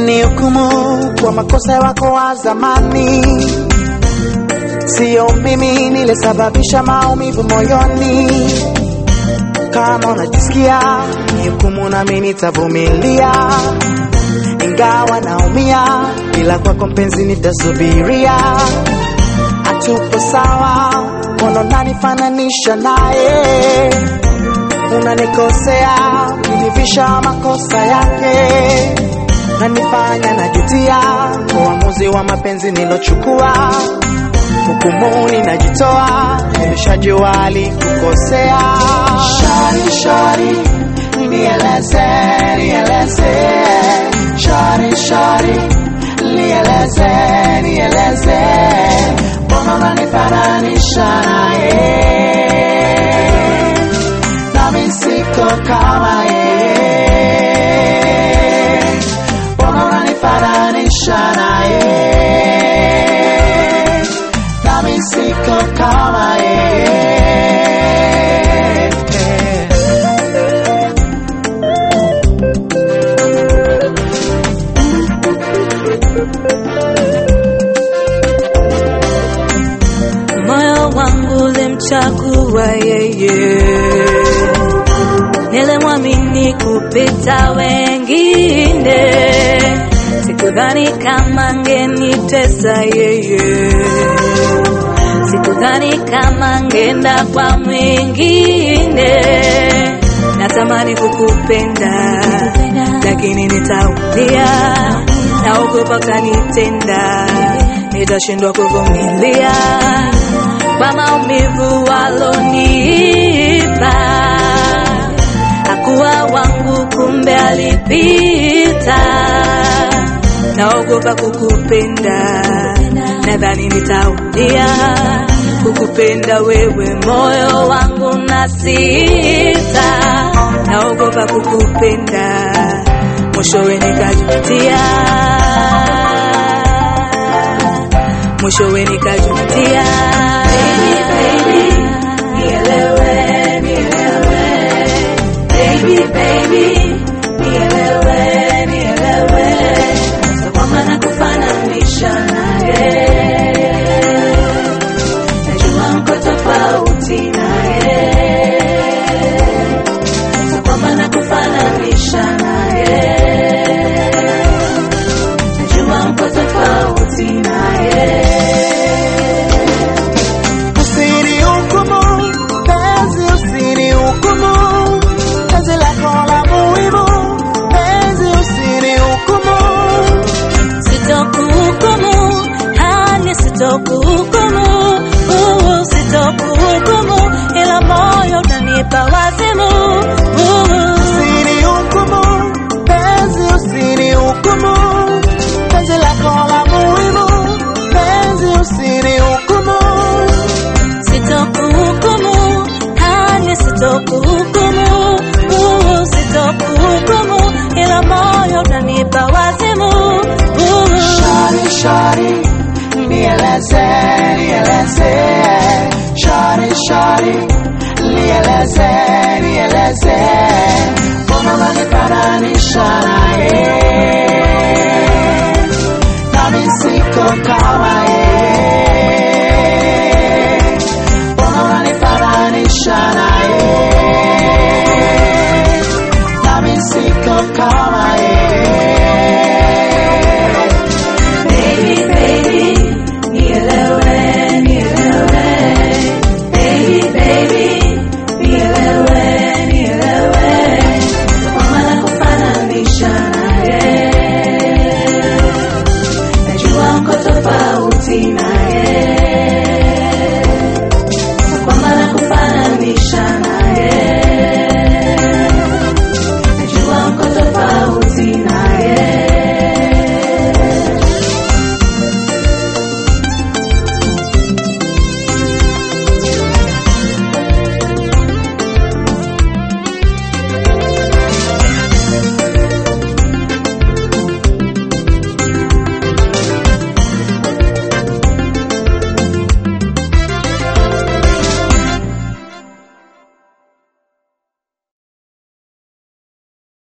hukumu kwa makosa yako wa zamani, sio mimi nilisababisha maumivu moyoni. Kama unajisikia nihukumu, nami nitavumilia, ingawa naumia, ila kwako mpenzi nitasubiria. Hatupo sawa, mbona unanifananisha naye? Unanikosea, nilivisha makosa yake nanifanya najutia na uamuzi wa mapenzi nilochukua, hukumuni najitoa, nimeshajua alikukosea. Shari, shari, nieleze, nieleze, shari, shari, nieleze Moyo wangu ulimchagua yeye, nilimwamini kupita wengine, sikudhani kama tesa yeye, sikudhani kama ngenda kwa mwingine. Natamani kukupenda lakini nitaulia naogopa kanitenda, nitashindwa kuvumilia kwa maumivu walonipa. Hakuwa wangu, kumbe alipita. Naogopa kukupenda, nadhani nitaulia kukupenda wewe, moyo wangu na sita. Naogopa kukupenda, mwishowe nikajutia mwishowe nikajutia. Baby, baby, nielewe quiser. Vamos lá de Paralixá.